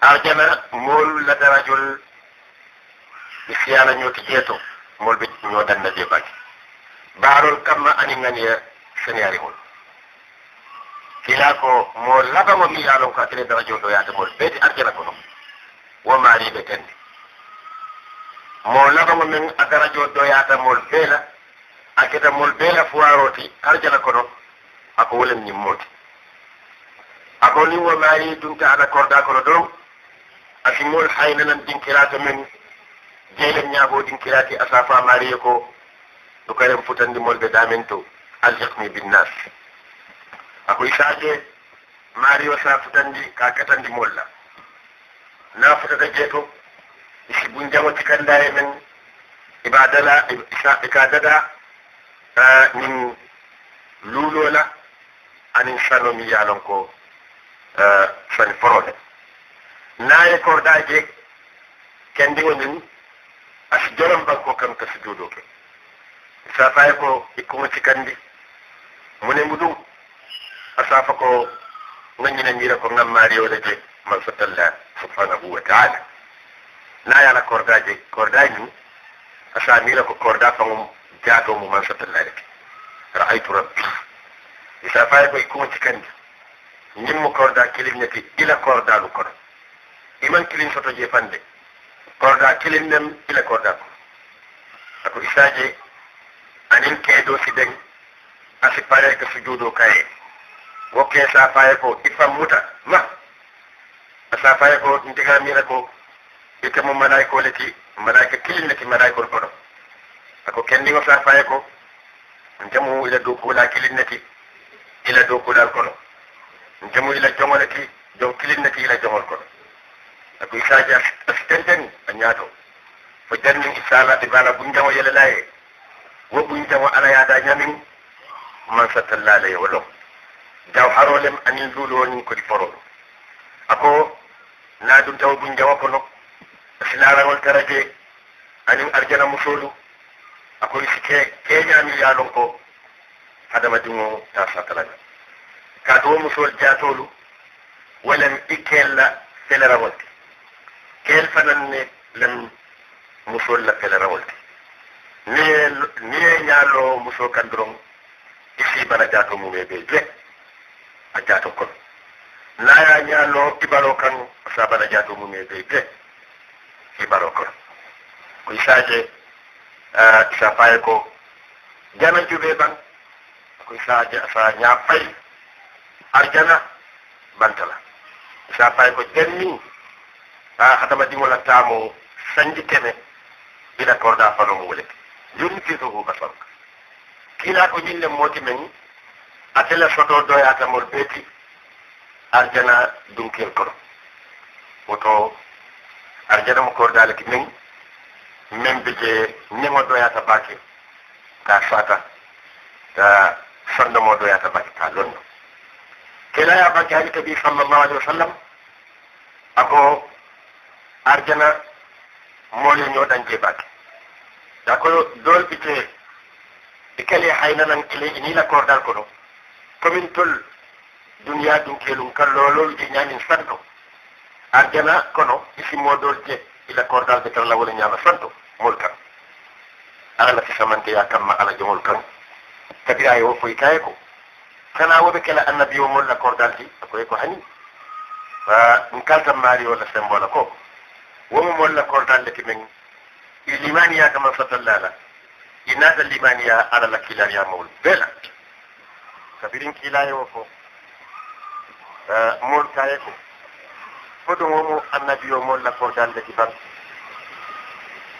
Speaker 1: arjana moolu la darajol isiyala ñooti jeeto mool be ñoo danna je baki baarol kamma ani ŋaniya seniyari hol kila ko mo labaŋo mi ye lon ko akile darajol ɗo yaata mool beeti arjana kono wo maari ɓe tendi mo labaŋo min a darajol ɗo yaata mool bee la akita mool bee la fuwaaroti arjana kono ako wolem ñimmooti ako ni wo maari ɗum ta ana korda kono dorow asimol haynanan dinkirata men jeylen ñaabo dinkirati asafa mariye ko ɗo karen futandimolɓe damen to aljakmi binnas akoy saaje mario sa futandi ka katandimolla na futata jeeto isibu jama cikanda e men ibadala ka dada nin luulola anin sanomi yalon ko sani forone naane korda jeeg kendi wonin asi jorom banko kam ka sujuudo ke safaye ko ikkumo cikandi mune mbuɗum a safa ko gañina ñira ko gammaari yode jeeg man sotallah subhanahu wa taala nayala korda jeeg korda ñum a samira ko korda fangum jaatomo man sotallah reke ra'aytu rabbi i safaye ko ikkumo cikandi ñimmo korda kilignati ila kordalu kono iman kilin soto je fande korda kilin nem ila korda ko ako isaje anin keedo si den asi pare ka sujudo kaye wo ke safaye ko ifam muta ma asafaye ko ndiga mira ko ite mo malaiko leti malaika kilin leti malaiko ko ako kendi ngo safaye ko njamu ila do ko la kilin leti ila do ko dal kono njamu ila jongoleti jom kilin leti ila jongol kono abe kaja tantani anyato fajarnin isala ibala bunja wa yala laye wo bunja wa ala ya da nyamin man satalla laye wolo jawharo lem anin lulu woni ko di foro ako na dum taw bunja wa kono silara wal taraje anin arjana musulu ako isike ke nyamin ya lon ko hadama dungo ta satalla ka do musul jatolu walam ikella selera wolte kel fananne len musol la pelerawol ti ni ye ñaalo muso kan doron isi bana jaato mume be je a jaato kon naya ñaalo ibaro kan sa bana jaato mume be je ibaro kon ko isaje uh, isa faye ko jana jube ban ko isaje sa ña fay arjana bantala isa faye ko janni a hadamadiŋo la taamo sanji keme ila torda faloŋ wo le ke yunfiduhu basaruka kiila ko ñiŋ le mooti meŋ ate le soto doyaatamol bee ti arjana dunkel kono woto arjana mo korda le ki meŋ meŋ bi je niŋo doyaata baake ka saata ka sondomo doyaata baake ka londo kela ya baake hadita bi sallallahu alaihi wa sallam ako arjana moolu ñoo dañ je baake da ko dool ite i kele haynanan kile ini la kordal kono komin tol duniya dun kelum kan loolol je ñamin santo arjana kono isi moo dool je ila kordal be kan la wala ñaama santo mol kan ala la fisamante ya kamma ala jomol kan kadi aye wo foy kaye ko kana woɓe kela annabi o mol la kordal ti akoye ko hani fa ɗum kaltan maari walla sembola ko womo molla kortalle ti men i limaniya kama fatallala inata limaniya ala la kilariya mawol bela kabirin kilaye wo ko mool kaye ko hoɗum womo annabi o molla kortalle ti ban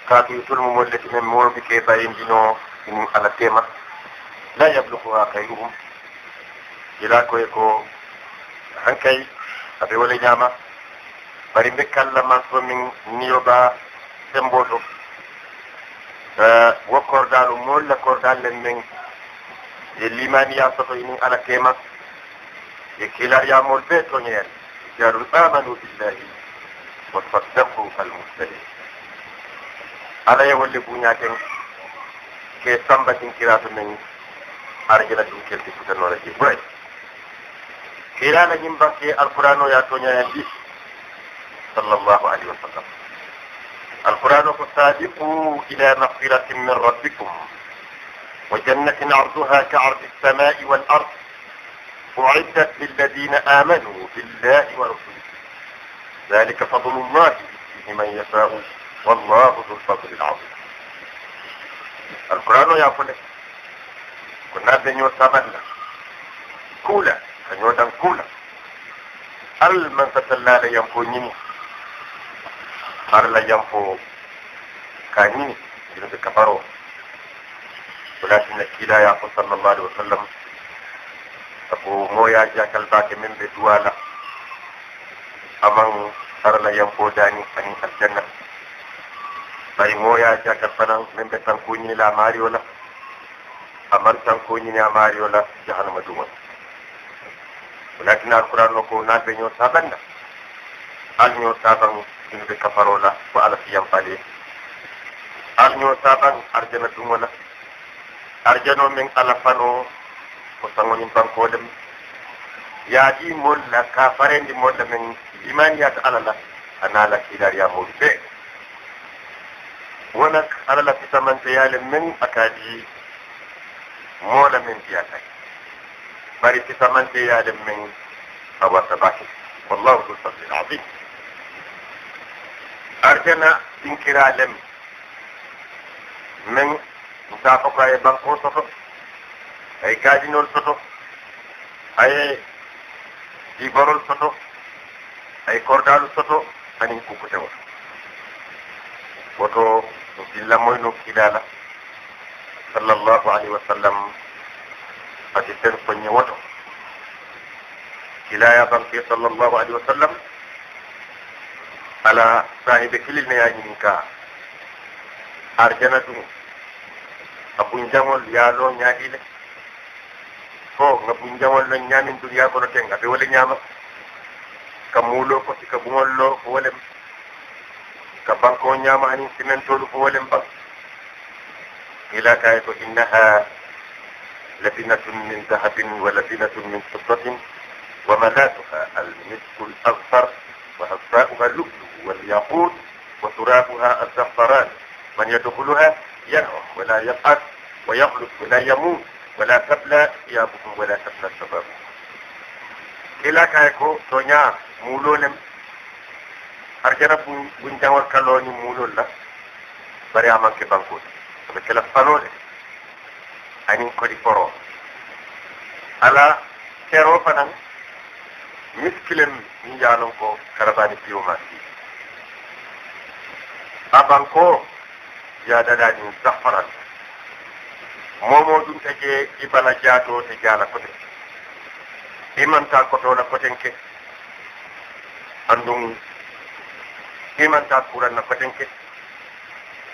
Speaker 1: kaatu tolmo molle ti men mowoɓe ke bayindino ɗum ala tema la yablukuha kayruhum ila koye ko hankay aɓe wole ñama bari be kalla manso min niyoba semboto wo kordalu moolu la kordallen men e limaniya soto inin ala tema e kilariyamol be toñoyen jarul amanu billahi wa saddaku almursalin ala ye wolle buñaten ke samba tinkirato men arjila ɗum kelti futannola je ɓuray kirala ñimbanke alqouran o ya toñoyen ɗi صلى الله عليه وسلم القرآن فسابق إلى مغفرة من ربكم وجنة عرضها كعرض السماء والأرض أعدت للذين آمنوا بالله ورسوله ذلك فضل الله فيه من يشاء والله ذو الفضل العظيم القرآن يا فلان كنا بنيو سامنا كولا كنيو دان كولا هل من تتلى لينفو farla janfo kani jirbe kafaro walakin kila ya ko sallallahu alaihi wasallam ko moya ja kalba ke min be duwala amang farla janfo dani ani aljanna bay moya ja kalbana min be tan ko ni la mari wala amar tan ko ni la mari wala jahannama duma walakin alquran ko na be nyo sabanna al مسلم بكفروا له وعلى في ينقلي أغنو سابن أرجن دمونا أرجنو من ألفنو وسنون بانكولم يادي مولا كافرين دي مولا من إيمان يات على لا أنا لك إلى يا مولبي ونك على لك سمن تيال من أكادي مولا من دياتك بارك سمن تيال من أبو سباكي والله ذو الفضل العظيم arjana din kira lem men musafa ko ay banko soto ay gadinol soto ay jibarol soto ay kordalu soto anin kukkute woto woto dilla moyno kiilala sallllahu alayhi wa sallam ati sen koñe woto kiilaya banke sallllahu alayhi wa sallam على صاحب كل المياجينكا أرجنا دون أبون جمال يا لون يا ديل فوق أبون جمال لون يا من دنيا كنا كنا بيقول نعم كمولو كتي كبولو بولم كبان كونيا ما هني سمن تولو بولم با إلى كايتو إنها لبنة من ذهب ولبنة من فضة ومغاتها المسك الأغفر وأصفاؤها اللؤلؤ والياقوت وترابها الزعفران من يدخلها ينعم ولا يبعث ويغلط ولا يموت ولا تبلى ثيابه ولا تبلى شبابه كلا كايكو تونيا مولو لم أرجنا بنجان وكالوني مولو لا بري عمان كبانكوت بكلا فانولي أني كوري فرو على كيرو فنان مسكلم نجالوكو كرباني فيوما فيه aban ko jaadadaɗin sahfaran momo ɗum tege i bala jaato te jaala kote imanta kotola kotenke andum imanta kuranna kotenke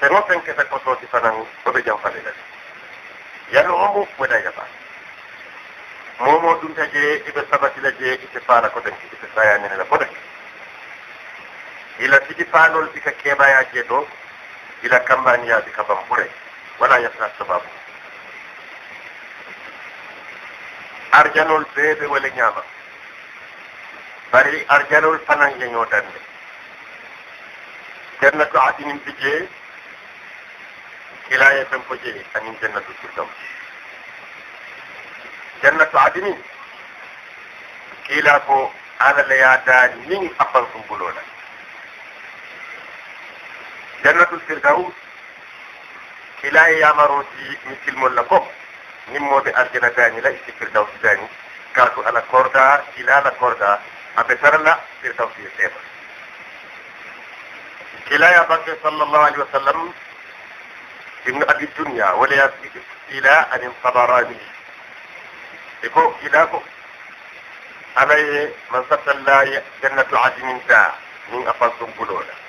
Speaker 1: sego fenkete kototi fanan koɓe jam faleɗat yano omo weɗa yaɓa momo ɗum tege iɓe sabatila je ite faala kotenke ite sayaninela kotenke ila sidi fanol ika keɓayaje ɗo ila kampaniyaɓe kaban ɓure wala yasna sababu arjanol beeɓe wala ñaama bari arjanol fanan yeñoo dande jannatu adinin bi jee kilaye fen ko jee anin jannatu firdam jannatu adinin kiila ko ala leya daa nin afan ɗum bulola جنة الفردوس كلا يا مروتي مثل ملكم نمو دي أرجنة تاني لا إشتي فردوس تاني كاتو على كوردا إلى على كوردا أبتر لا الفردوس يسيبا كلا يا بكر صلى الله عليه وسلم ابن أبي الدنيا ولا إلى أن انصبراني إكو كلا كو أبي من سبت الله جنة عزم تا من أفضل بلولا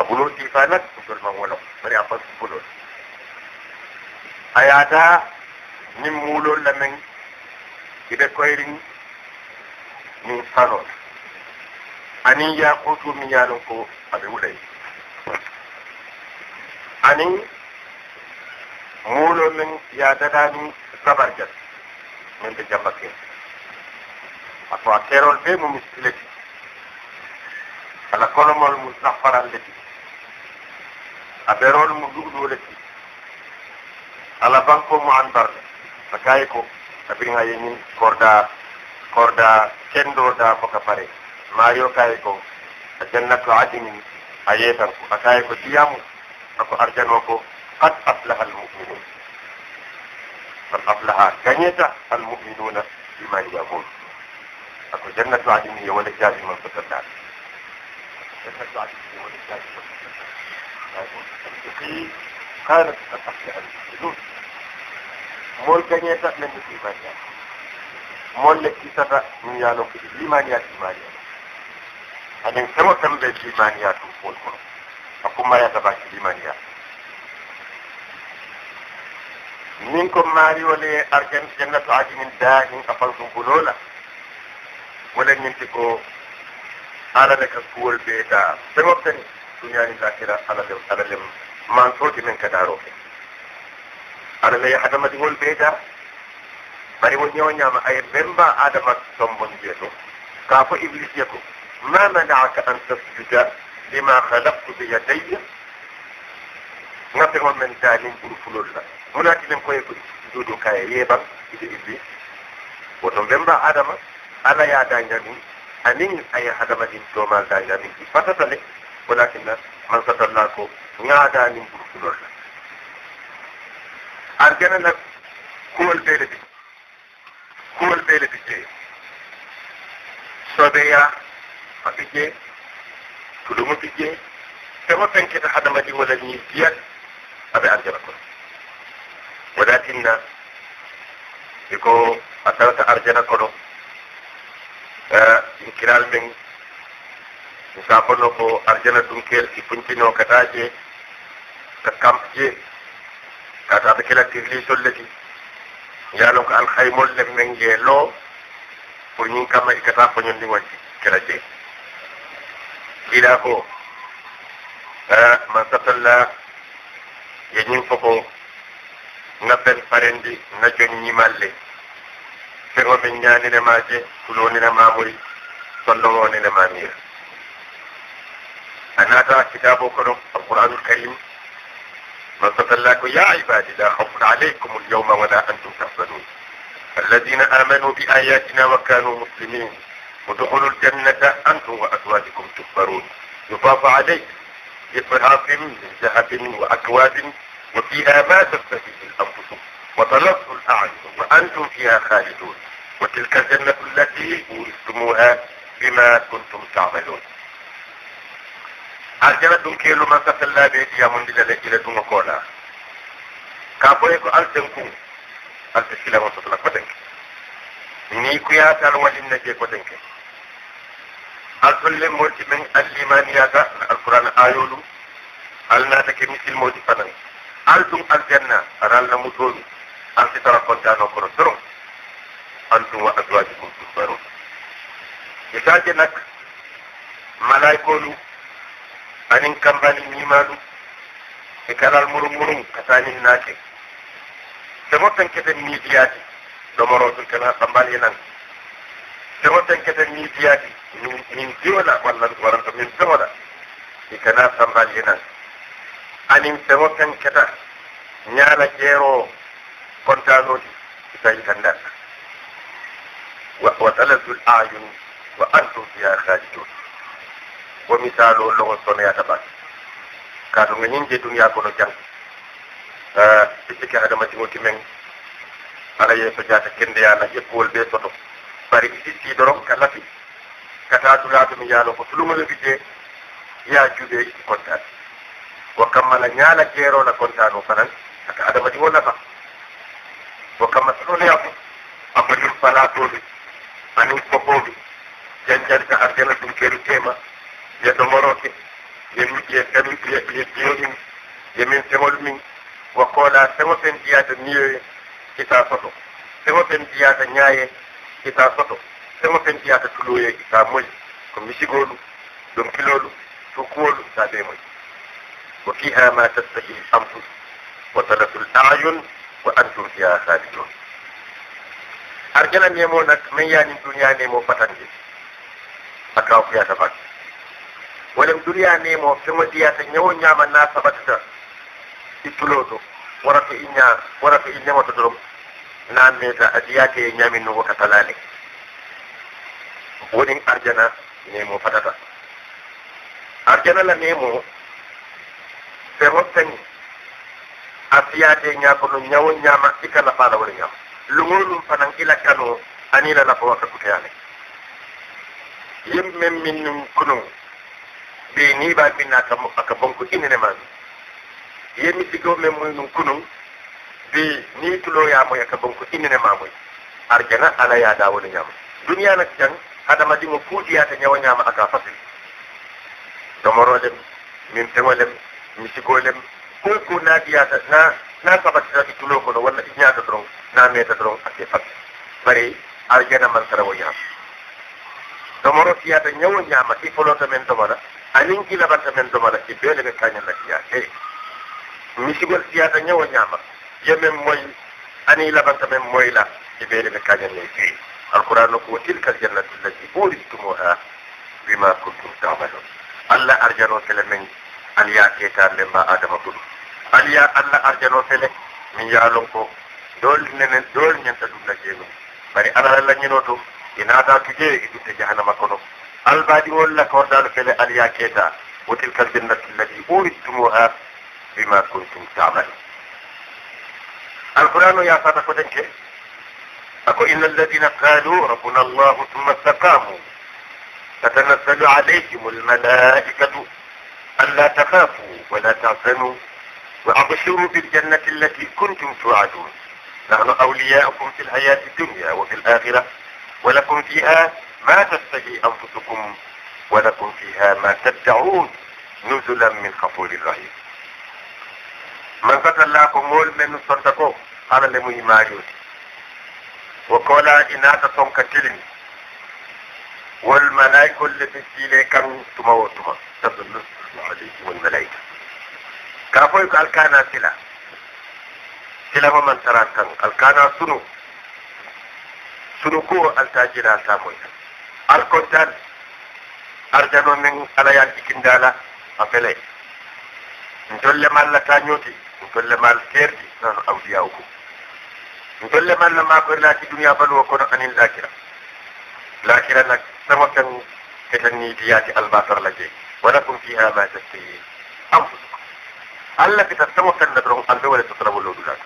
Speaker 1: අපුලෝටි ෆයිලක් උතුරම වුණා. බරි අපස් පුලෝ. අයදා නිම් මූලොල් ලමෙන් ඉබේ කොයිරින් ni ෆනෝ. ani ya kotu min yaron ko abin wulai ani mulur min ya dada ni sabar jat min da jambakin a to a kerol be mu misilati ala kolomol mu zafaran lati aɓerol mum ɗuɗo lekki ala banko mo an barɗe so kayi ko kabiri ha yeñin korda korda kendoɗa boka pare mayo kayi ko a jannatu adinin a yetan ko a kayi ko diyamu ako arjano ko qad aflaha almuminun qad aflaha gañeta almuminuna bima yamun ako jannatu adinin yo wona jaabi man fotoddaɓe jannatu adinin yo wona jaabi man fotoddaɓe كانت تستطيع الجلوس ملكا يتأمن بالإيمانيات ملك يتبع من يالوك الإيمانيات إيمانيات أن سوى كم بالإيمانيات والقرآن أقوم ما يتبع الإيمانيات منكم ماري ولا أرجن جنة عدن داهن أفلكم بلولا ولا ينتقوا على لك الكول بيتا سبب تاني duñaani ka kira ala le ala le mansooti men ka daaroo ke ala le hadamadiŋol bee daa bari wo ñoo ñaama aye bemba adama tombon jee to kaa fo iblis ye ko ma manaaka an tasjuda lima halaktu bi yadayya ŋafeŋo men daanin ɓuru fulol la munaatinen koye ko duudu kaye yeeɓan ide iblis woto bemba adama ala yaa daña ɗum anin aye hadamadin domal daña ɗum i fatata le walakinna man satalla ko ñaada nin ɓurkulol la argana nak kuwol ɓeele bi kuwol ɓeele bi tee soɓeya faɓi je tulumu bi je tema fenkita hadamadi wala ni diyat aɓe argana kon walakinna iko a tawta argana kono inkiral men safono ko arjana ɗum kel i funtino kataje ka kamje kataɓe kela tirli solleti yaalon ko alhaymol le men je loo pour ñin kamma i kata foñondi wacci kela je kiila ko man satalla ye ñin fofo ngabben parendi na jon ñimalle feŋo men ñaninema je tulonina mamuri solloŋo nene mamira أناتا كتاب كرم القرآن الكريم من الله يا عبادي لا خوف عليكم اليوم ولا أنتم تحزنون الذين آمنوا بآياتنا وكانوا مسلمين ودخلوا الجنة أنتم وأزواجكم تكبرون يطاف عليك بصحاف من ذهب وأكواب وفيها ما تستفيد الأنفس وطلبت الأعين وأنتم فيها خالدون وتلك الجنة التي أورثتموها بما كنتم تعملون aljana dun kelu man ka salla be diya mun dila ila dun ko na ka ko ko al sen ku al tisila wa sala ko tanke ni ku ya ta wa din ne ko tanke al sulle moti men al imaniya ka al qur'an ayulu al na ta ke misil moti fanan al dun al janna ran la mutomi al ti tara ko ta no ko soro antum wa azwajukum tusbarun ita nak malaikolu anin kambani nimadu e kalal murum murum kasanin nake temo tenketen nidiyati ɗomorotul kana kambali nan temo tenketen nidiyati min diwola walla waranto min fewoɗa i kana kambali nan anin temo tenketa ñaala jeero kontanoti tawi tan nder wa taladul ayun wa antum fiha khajidun wo misalo logo sonoyata bat kaatu nga ñin je duniya kono jang i sikke hadamadiŋo ti meŋ ala ye so jaata kendeya la ye kuwol bee soto bari i sii doroŋ ka lafi ka taa dulaatu mi ye a loŋ ko tulumu le bi jee ye a juubee i kontaati wo kamma la ñaa la jeeroo la kontaanoo fanaŋ aka hadamadiŋo nafa wo kamma sotoleya ko a bañin falaatoo bi aniŋ kopoo bi janjani ka aljana dum keeru teema ye domoroke ye jeeɗin ye min feŋol min wo koola feŋo fen jiyata niyoye kita soto feŋo fen jiyata ñaaye kita soto feŋo fen jiyata tuloye kita moyi ko misigolu ɗum kilolu tukuwolu ta ɓe moyi wa fiha ma tastahi l anfus wa talafu l ayun wa antum fiha khalidun arjana nemo nak min yanin duniya nemo batande a kaw kuyata bakke ولم دنيا نيمو في مديات نيو نياما ناسا بكتا إتلوتو ورفع إنيا ورفع إنيا وتدرم نعم ميزا أدياتي نيامي نوو كتلاني ودين أرجنا نيمو فتتا أرجنا لنيمو في مستني أسياتي نياكو نيو نياما إكا لفادا ورنيام لغولم فنان إلا كانوا أنيلا لفوا كتلاني يمم من كنو ɓe niiɓa finna kamo aka bonko inene maami yemmi sigo men moy ɗum kunum ɓe ni tuloyamoy aka bonko inene mamoy arjana ala yaada woni ñama duniya nak tan hadama ɗimo fuuɗiyata ñawa ñama aka fasili domorolem min pewolem mi sigolem koy ko naadiyata na na sabatita ɗi tulo kono walla ɗi ñaata doron na meeta doron ake fat bari arjana man tarawo ñama domoro fiyata ñawo ñama i folota men domana anin kilabanta men domala si beele ɓe kañanna siya he misigol siyata ñawo ñama yemen moy ani labanta men moyla e beele ɓe kañanne he alquran o ko wo tilka aljannatu allati uridtumuha bima kuntum tamalun allah arjano fele men aliya ketarle mba adama ɗum aliya allah arjano fele min yaalon ko dool nenen dool ñanta ɗum la jeemum bari alala lañino to e naata tujee e ɗuɗɗe jahanama kono البادئون لك وذلك لأليا كيتا وتلك الجنة التي أوردتموها بما كنتم تعملون القرآن يا صادق تنكي أكو إن الذين قالوا ربنا الله ثم استقاموا تتنزل عليهم الملائكة ألا تخافوا ولا تعزنوا وأبشروا بالجنة التي كنتم توعدون نحن أولياؤكم في الحياة الدنيا وفي الآخرة ولكم فيها ما تستهي أنفسكم ولكم فيها ما تدعون نزلا من خفور رحيم من قتل لكم مول من صندقو على ماجوس وقال إناك تنك كتلني والملائكة اللي في كانوا تموتها تظل عليه والملائكة كافو يقال كان سلا سلا ومن ترى كان الكانا سنو سنو كو التاجر سامويا كوتال أرجانو من على يانتي كندالا أفلي نتولي مال لتانيوتي نتولي مال كيرتي نانو أولياؤكو نتولي مال لما كورلا في دنيا بلو وكونا عن الآخرة الآخرة لك سمكن كتني دياتي الباطر لكي ولكم فيها ما تستيه أنفسكم ألا في تستمكن لدرون قلبي ولا تطلبوا له دولاك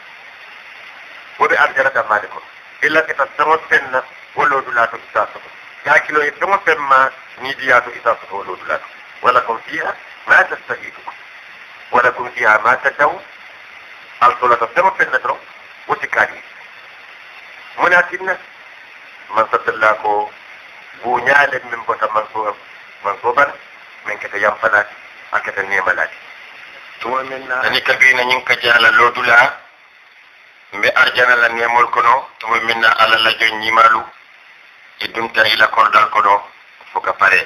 Speaker 1: ودي أرجانة مالكم إلا في تستمكن ولو دولاك تستمكن ياكلوا يتلموا ثم نيدياتو إذا سهولوا لك ولكم فيها ما تستهيدوا ولكم فيها ما تدو الصلاة ثم في النترو وتكالي مناتنا من صدلاكو بنيال من بطا منصوب منصوبا من كتا ينفلات أكتا نيمالات تومنا أني كبينا ينكا جالا لودولا مي أرجانا لنيمول كنو تومنا على لجن يمالو ila kordal pare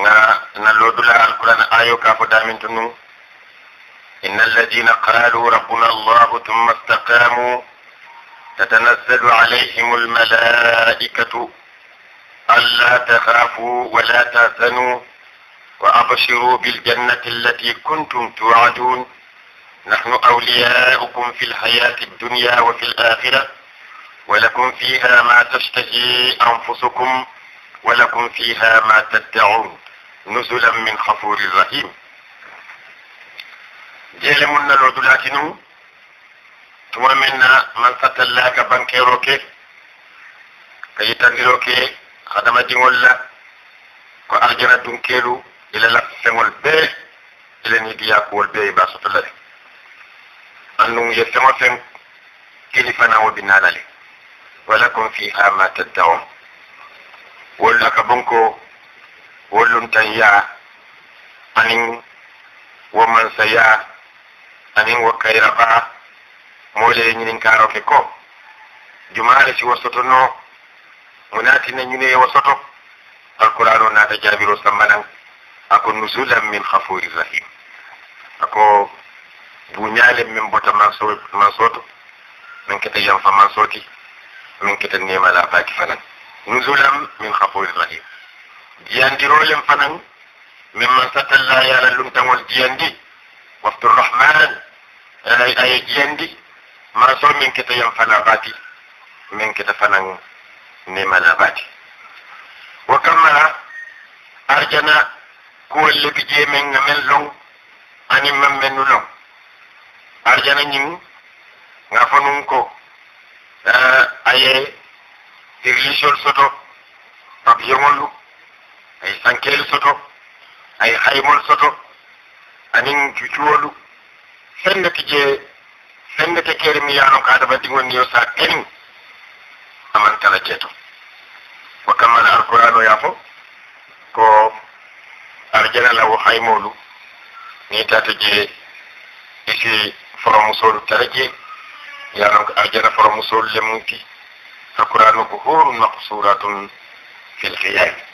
Speaker 1: nga na alquran ayo ka fo damin tunu إن الذين قالوا ربنا الله ثم استقاموا تتنزل عليهم الملائكة ألا تخافوا ولا تحزنوا وأبشروا بالجنة التي كنتم توعدون نحن أولياؤكم في الحياة الدنيا وفي الآخرة ولكم فيها ما تشتهي أنفسكم ولكم فيها ما تدعون نزلا من خفور رحيم جيلمون لودولاتينو tuma min na man satalla ka bankero ke ka yitandiro ke hadamadiŋol la ko aljana dunkelu ila lafiseŋol bee ila nidiyakuwol bee i baa soto la le anduŋ ye feŋo feŋ kili fanaŋo bi naa la le ولكم فيها ما تدعون ولا كبنكو ولن تنيا أنين ومن سيا أنين وكيربا مولي نين كاروكيكو جمالة وسطنو مناتي نين وسطو القرآن ناتا جابر سمنا أكو نزولا من خفور رحيم أكو بنيال من بوتا منصوت من كتجان فمنصوتي min keten nemala baki fanan nuzulam min khafurin rahim jiyandirolen fanan min man satalla yala lumtangol jiyandi wafturrahman aye jiyandi mara so min keta yan fana bati min keta fanan nemala bati wa kammala arjana kuwol lebi jeemen ga men long anin man men nu long arjana ñin nga fanun ko aye dirlisiol soto papiyeŋollu ay sankel soto ay haymol soto anin jujuwolu fenneti je fennete keri mi yaalon ko adama ɗiŋol ni yo sa tenin aman tala ceeto ko kammala alquran ya fo ko arjana lawo haymolu ni ta je isi foromusolu tara je yanon ko aljana foro musol le mum fi alquranu ko horum maqsuratun fil khiyam